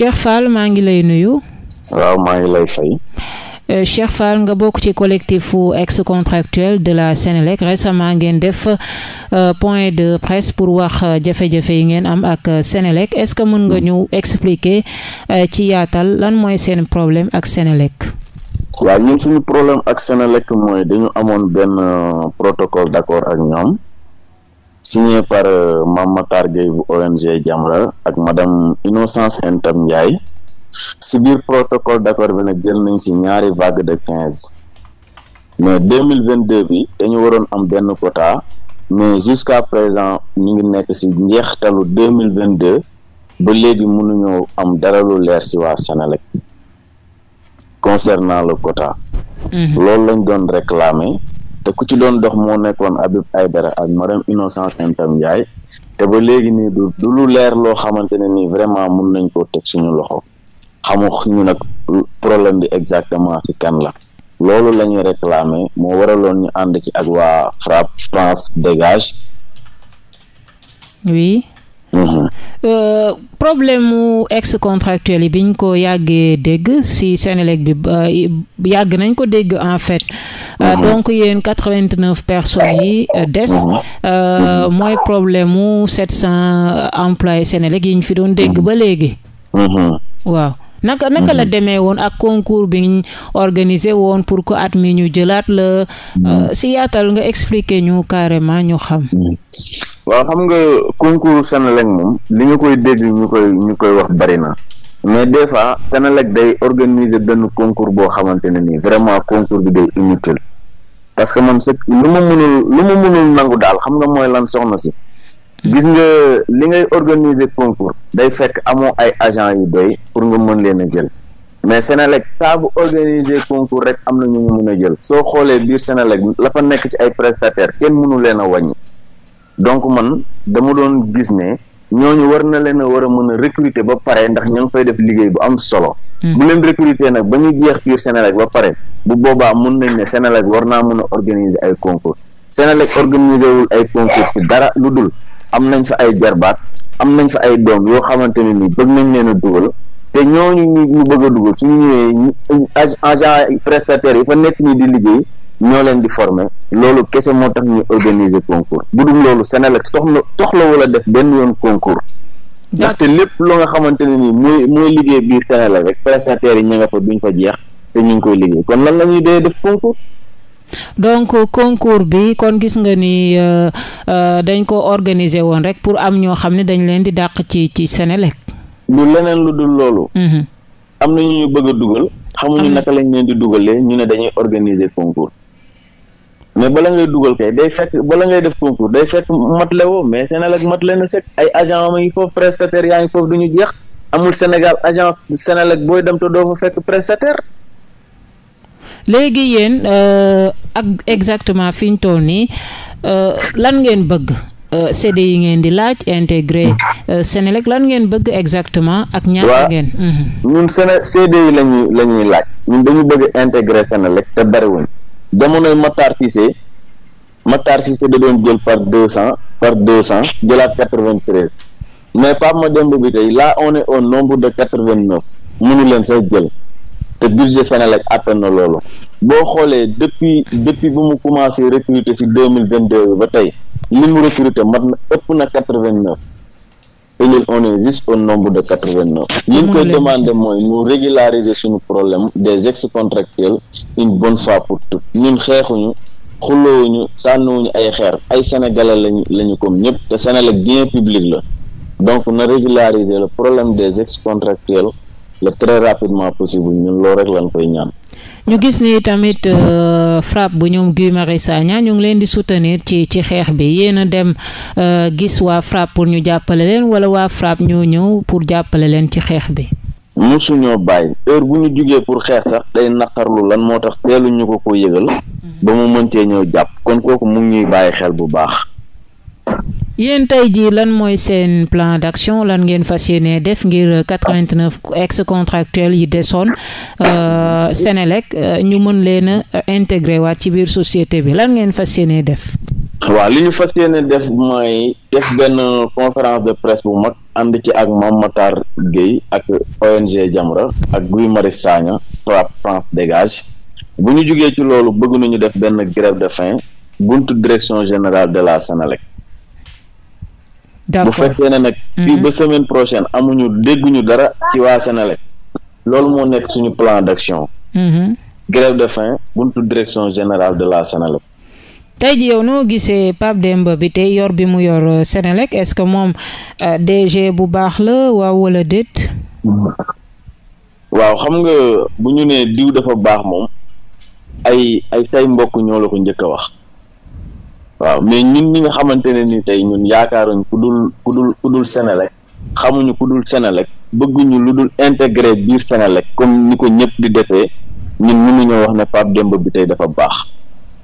Cheikh Fall maa ngi lay nuyu. waaw maa ngi lay fay. Euh, Cheikh Fall nga bokk ci collectif ex contractuel de la Sénélec récemment ngeen def euh, point de presse pour wax euh, jafe-jafe yi ngeen am ak Sénélec est-ce que mën nga ñu expliquer ci yaatal lan mooy seen problème ak Sénélec. waaw ñun suñu problème ak Sénélec mooy dañu amoon benn protocole d'accord ak ñoom. signé par euh, mam Matar Gueye bu ONG Jamra ak madame Innocence Ntam Ndiaye si biir protocole d'accord bi nag jël nañ si ñaari vague de quinze mais deux mille vingt deux bi dañu waroon am benn quota mais jusqu'à présent ñu ngi nekk si njeextalu deux mille vingt deux ba léegi mënuñoo am dara lu leer si waa Sénélec concernant le quota. Mhm. loolu lañ doon réclamer te ku ci doon dox moo nekkoon ay Aïdara ak madame Innocence Ntame Ndiaye te ba léegi nii du lu leer loo xamante ne nii vraiment mun nañ koo teg suñu loxo xamu ñu nag problème bi exactement ci kan la loolu la ñuy réclamer moo waraloon ñu ànd ci ak waa FRAPP France dégage. oui. Mm-hmm. Euh, problème mu ex contractuel yi biñ ko yàggee dégg si Senelec bi euh, yàgg nañ ko dégg en fait euh, mm-hmm. donc yéen quatre-vingt-neuf yi des mm-hmm. mooy problème mu sept cent employés Senelec yi ñu fi doon dégg ba léegi waaw naka naka la demee woon ak concours biñ organisé woon pour que at mi ñu jëlaat la si yaatal nga expliquer ñu carrément ñu xam waaw xam nga concours Senelec moom li ñu koy dégg ñu koy ñu koy wax bari na mais des fois Senelec day organiser benn concours boo xamante ne nii vraiment concours bi day inutile parce que moom c'est lu ma mënul lu ma mënul nangu daal xam nga mooy lan soxna si gis nga li ngay organiser concours day fekk amoo ay agent yu doy pour nga mën leen a jël mais Senelec saa bu organiser concours rek am na ñu ñu mën a jël soo xoolee biir Senelec la fa nekk ci ay prestataires kenn mënu leen a wàññi donc man dama doon gis ne ñoo ñu war na leen a war a mën a recruter ba pare ndax ña ngi fay def liggéey bu am solo. Hmm. bu leen recruter nag ba ñu jeex biir Sénélec ba pare bu boobaa mun nañ ne Sénélec war naa mën a organiser ay concours Sénélec organiser ay concours dara lu dul am nañ fa ay jarbaat am nañ fa ay doom yoo xamante ne ni bëgg nañ leen a dugal. te ñooñu ñu bëgg a dugal suñu ñëwee agent prestataire yi fa nekk nii di liggéey ñoo leen di former loolu kese moo tax ñu organiser concours bu dul loolu Senelec soxla soxlawul a def benn yoon concours. ndaxte lépp loo nga xamante ne nii mooy mooy liggéey biir Senelec rek prestataires yi ñu nga fa duñ fa jeex te ñu ngi koy liggéey kon lan la ñuy dee def concours. donc concours bi kon gis nga ni euh, euh dañ ko organiser woon rek pour am ñoo xam ne dañ leen di dàq ci ci Senelec. lu leneen lu dul loolu. Mhm. am na ñu ñu bëgg a dugal. xamuñu naka lañ leen di dugalee ñu ne dañuy organiser concours. mais bala ngay dugal kay day fekk bala ngay def concours day fekk matle woo mais Sénélec matle na fekk ay agent ma ngi foofu prestataire yaa ngi foofu du ñu jeex amul Sénégal agent Sénélec booy dem te doo fa fekk prestataire léegi yéen euh, ak exactement fi ñu toll nii euh, lan ngeen bëgg euh, CD yi ngeen di laaj intégré Sénélec lan ngeen bëgg exactement ak ñaata ngeen mhm. ñun Séné CD yi lañuy la ñuy laaj ñun dañu bëgg intégré Sénélec te bariwuñ jamonoy Matar Cissé Matar Cissé da doon jël par deux cent par deux cent jëlaat quatre vingt treize mais Pape Mademba bi tey là on est nombre de quatre vingt neuf mënu leen sax jël te budget Senelec attan na loolu boo xoolee depuis depuis bi mu commencé recruter ci deux mille vingt deux bi ba tey li mu recruter mat na ëpp na quatre vingt neuf et ñun on est de quatre vingt neuf li ñu koy demandé mooy mu suñu problème des ex-contractuels une bonne fois pour toutes ñun xeexuñu xulloowuñu sànniwuñu ay xeer ay sénégalais lañu lañu comme ñëpp te Sénégal bien public la donc na régulariser le problème des ex-contractuels le très rapidement possible ñun loolu rek lañ koy ñaan ñu gis ni tamit euh, FRAPP bu ñoom Guy Marius Sagna ñu ngi leen di soutenir ci ci xeex bi yéen a dem euh, gis waa FRAPP pour ñu jàppale leen wala waa FRAPP ñoo ñëw pour jàppale leen ci xeex bi. mosuñoo bàyyi heure bu ñu jugee pour xeex sax day naqarlu lan moo tax teelu ñu ko ko yëgal. Mm. ba mu mën ñëw jàpp kon kooku mu ñuy bàyyi xel bu baax. yéen tey jii lan mooy seen plan d'action lan ngeen fas yéene def ngir quatre-vingt-neuf ex contractuels yi desoon euh, Senelec euh, ñu mën leen a euh, intégré waa ci biir société bi lan ngeen fas yéene def. waaw li ñu fas def mooy def benn conférence de presse bu mag ànd ci ak Mame Matar Gueye ak ONG Jamra ak Guy Marius Sagna Frapp France Dégage bu ñu jugee ci loolu bëgg nañu def benn grève de faim buntu direction générale de la Senelec. bu fekkee ne nag fii ba mhm. semaine prochaine amuñu dégguñu dara ci waa Senelec loolu moo nekk suñu plan d'action mhm. grève de faim buntu direction générale de la Senelec tey ji yow noo gisee Pape Demba bi tey yor bi mu yor euh, Senelec est-ce que moom euh, DG bu baax la waaw wala déet waaw xam nga bu ñu nee diw dafa baax moom ay ay say mbokk ñoo la ko njëkk a wax waaw mais ñun ñi nga xamante ne ni tey ñun yaakaaruñ ku dul ku dul ku dul Senelec xamuñu ku dul Senelec bëgguñu lu dul intégré biir Senelec comme ni ko ñëpp di defee ñun mënuñoo wax ne Pape Demba bi tey dafa baax.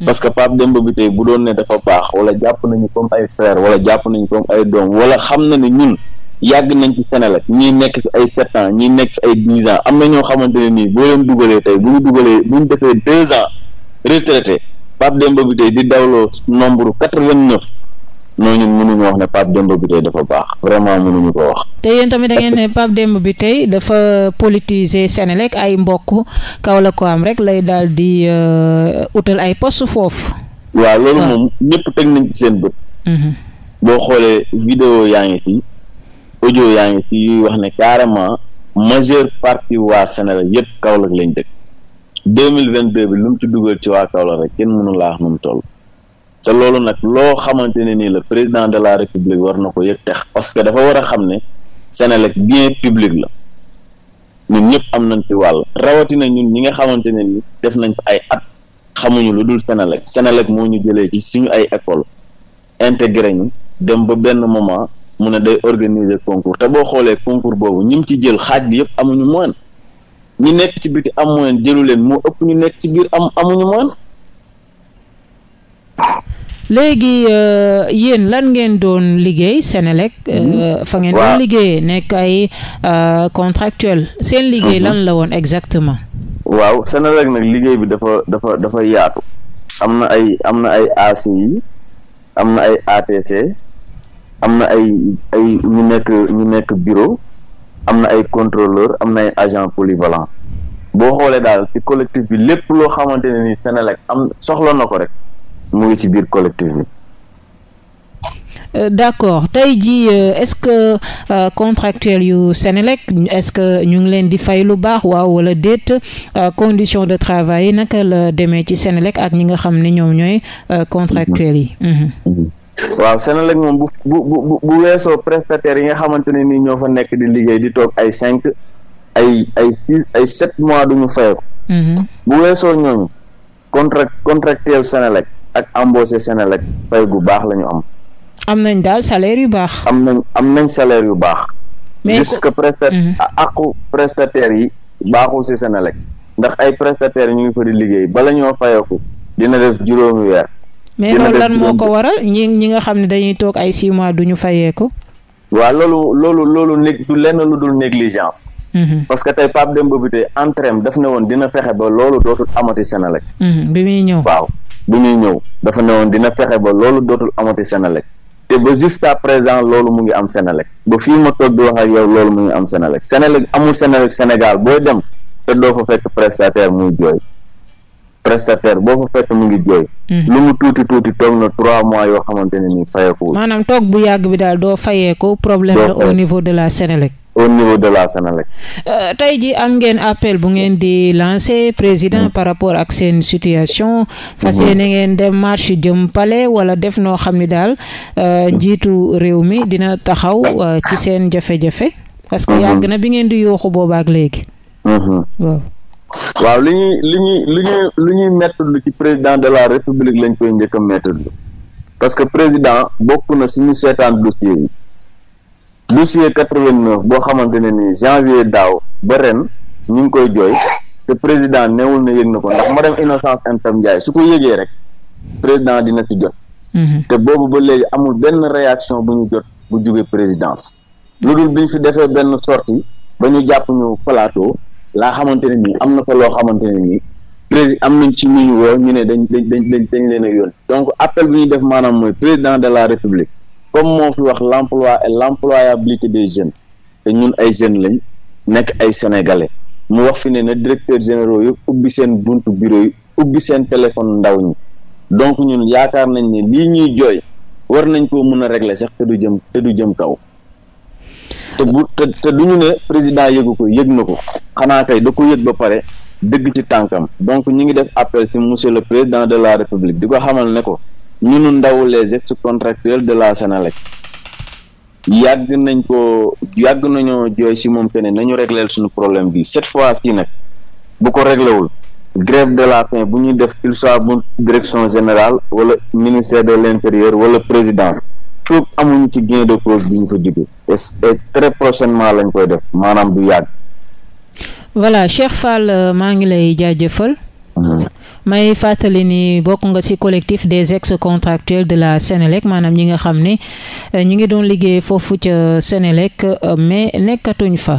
Hmm. parce que Pape Demba bi tey bu doon ne dafa baax wala jàpp nañu comme ay frère wala jàpp nañu comme ay doom wala xam na ne ñun yàgg nañ ci Senelec ñii nekk ci ay sept ans ñii nekk ci ay dix ans am na ñoo xamante ne nii boo leen dugalee tey bu ñu dugalee bu defee deux ans Pape Demba Bitèye di dawloo nombre quatre vingt neuf ñooñu mënuñu wax ne Pape Demba Bitèye dafa baax vraiment mënuñu ko wax. te yéen tamit da ngeen ne Pape Demba Bitèye dafa politiser Senelec ay mbokk kaw la am rek lay daal di euh, utal ay poste foofu. waaw loolu moom ñëpp teg nañ ci seen bët. Mhm. boo xoolee vidéo yaa ngi fi audio yaa ngi fi yuy wax ne carrément majeure partie waa Senelec yëpp Kaolack lañ dëkk. deux mille vingt deux bi lu mu ci dugal ci waa Kaolack rek kenn mënu laa wax mu toll te loolu nag loo xamante ne nii la président de la république war na ko yëg tex parce que dafa war a xam ne Senelec bien publique la ñun ñëpp am nañ ci wàll rawatina ñun ñi nga xamante ne def nañ fa ay at xamuñu lu dul Senelec Senelec moo ñu jëlee ci suñu ay école intégré ñu dem ba benn moment mu ne day organiser concours te boo xoolee concours boobu ñi mu ci jël xaaj bi yëpp amuñu moyen ñu nekk ci biti amoon moyen mu ëpp ñu nekk ci biir am amuñu moyen léegi euh, yéen lan ngeen doon liggéey Senelec euh, mhm. fa ngeen doon liggéey nekk ay euh, seen liggéey mm lan la woon exactement waaw Senelec nag liggéey bi dafa dafa dafa yaatu am na ay am na ay ACI am na ay ATC am na ay ay ñu nekk ñu nekk bureau am na ay contrôleur am na ay agent polyvalent boo xoolee daal ci collectif bi lépp loo xamante ne ni Senelec am soxla na ko rek mu ngi ci biir collectif bi euh, d'accord tey jii euh, est-ce que euh, contractuel yu Senelec est-ce que ñu ngi leen di fay lu baax waaw wala déet condition de travail yi naka la demee ci Senelec ak ñi nga xam ne ñoom ñooy contractuel yi mm-hmm. Mm-hmm. Mm-hmm. waaw Senelec moom bu bu bu weesoo prestataires yi nga xamante ne nii ñoo fa nekk di liggéey di toog ay cinq ay ay six ay sept mois duñu fayeku mm-hmm. bu weesoo ñooñu contract contractuel Senelec ak embauché Senelec fay baax la ñu am am nañ daal salaire yu baax am nañ am nañ salaire yu baax jusque prestat mm-hmm. akku prestataires yi baaxul ci Senelec ndax ay prestataires ñu ngi fa di liggéey bala ñoo fayeku dina def juróomi weer mais loolu lan moo ko waral ñi ñi nga xam ne dañuy toog ay six mois du ñu fayee ko. waaw loolu loolu loolu nég lenn lu dul négligence. Mm-hmm. parce que tey Pape Demba Bitèye entrem daf ne woon dina fexe ba loolu dootul amati Senelec. Mm-hmm. bi muy ñëw waaw bi muy ñëw dafa ne woon dina fexe ba loolu dootul amati Senelec te ba jusqu'à présent loolu mu ngi am Senelec ba fii ma toog di wax ak yow loolu mu ngi am Senelec Senelec amul Senelec Sénégal booy dem te doo fa fekk prestataire muy jooy. prestataire boo ko fekk mu ngi jooy. Mhm. lu mu tuuti tuuti toog na trois mois yoo xamante ne fayeeku. maanaam toog bu yàgg bi daal doo fayeeku problème la au niveau de la Sénélec. au niveau de la Sénélec. Euh, tey jii am ngeen appel bu ngeen di lancer président mm. par rapport ak seen situation. Mm-hmm. fas yéene ngeen dem marché jëm palais wala def noo xam ni daal euh, mm-hmm. njiitu réew mi dina taxaw mm-hmm. euh, ci seen jafe-jafe. parce que yàgg na bi ngeen di yooxu boobaak léegi. waaw li ñuy li ñuy li ñuy li ñuy mettre lu ci président de la république lañ koy njëkk a lu parce que président bokk na suñu seetaan dossier yi dossier quatre-vingt-neuf boo xamante ne nii janvier daaw ba ren ñu ngi koy jooy te président newul na yëg na ko ndax madame Innocence Ntam Ndiaye su ko yëgee rek président dina ci jot mm-hmm. te boobu ba léegi amul benn réaction buñu jot bu jóge présidence lu dul bi fi defee benn sortie ba ñu jàpp ñu plateau laa xamante ne nii am na fa loo xamante ne nii président am nañ ci ñu woo ñu ne dañ dañ dañ dañ leen a donc appel bi ñuy def maanaam mooy président de la république comme moo fi wax l'emploi et l'employabilité des jeunes te ñun ay jeunes lañ nekk ay sénégalais mu wax fi ne na directeur généraux yëpp ubbi seen buntu bureau yi ubbi seen téléphone ndaw ñi donc ñun yaakaar nañ ni lii ñuy jooy war nañ koo mën a régler sax te du jëm te du jëm kaw te bu te te du ñu ne président yëgu ko yëg na ko xanaa kay da ko yëg ba pare dëgg ci tànkam donc ñu ngi def appel ci monsieur le président de la république di ko xamal ne ko ñunu ndaw les ex contractuels de la Sénélec yàgg nañ ko yàgg nañoo jooy si moom keneen ñu régleel suñu problème bi cette fois ci nag bu ko réglewul grève de la faim bu ñuy def il soit bu direction général wala ministère de l' intérieur wala présidence foofu amuñu ci gain de cause bi ñu fa jóge et très prochainement lañ koy def maanaam du yàgg. voilà Cheikh Fall euh, maa ngi lay jaajëfal. Mm-hmm. may fàttali ni bokk nga ci collectif des ex-contractuels de la Sénélec maanaam ñi nga xam ni euh, ñu ngi doon liggéey foofu ca Sénélec euh, mais nekkatuñ fa.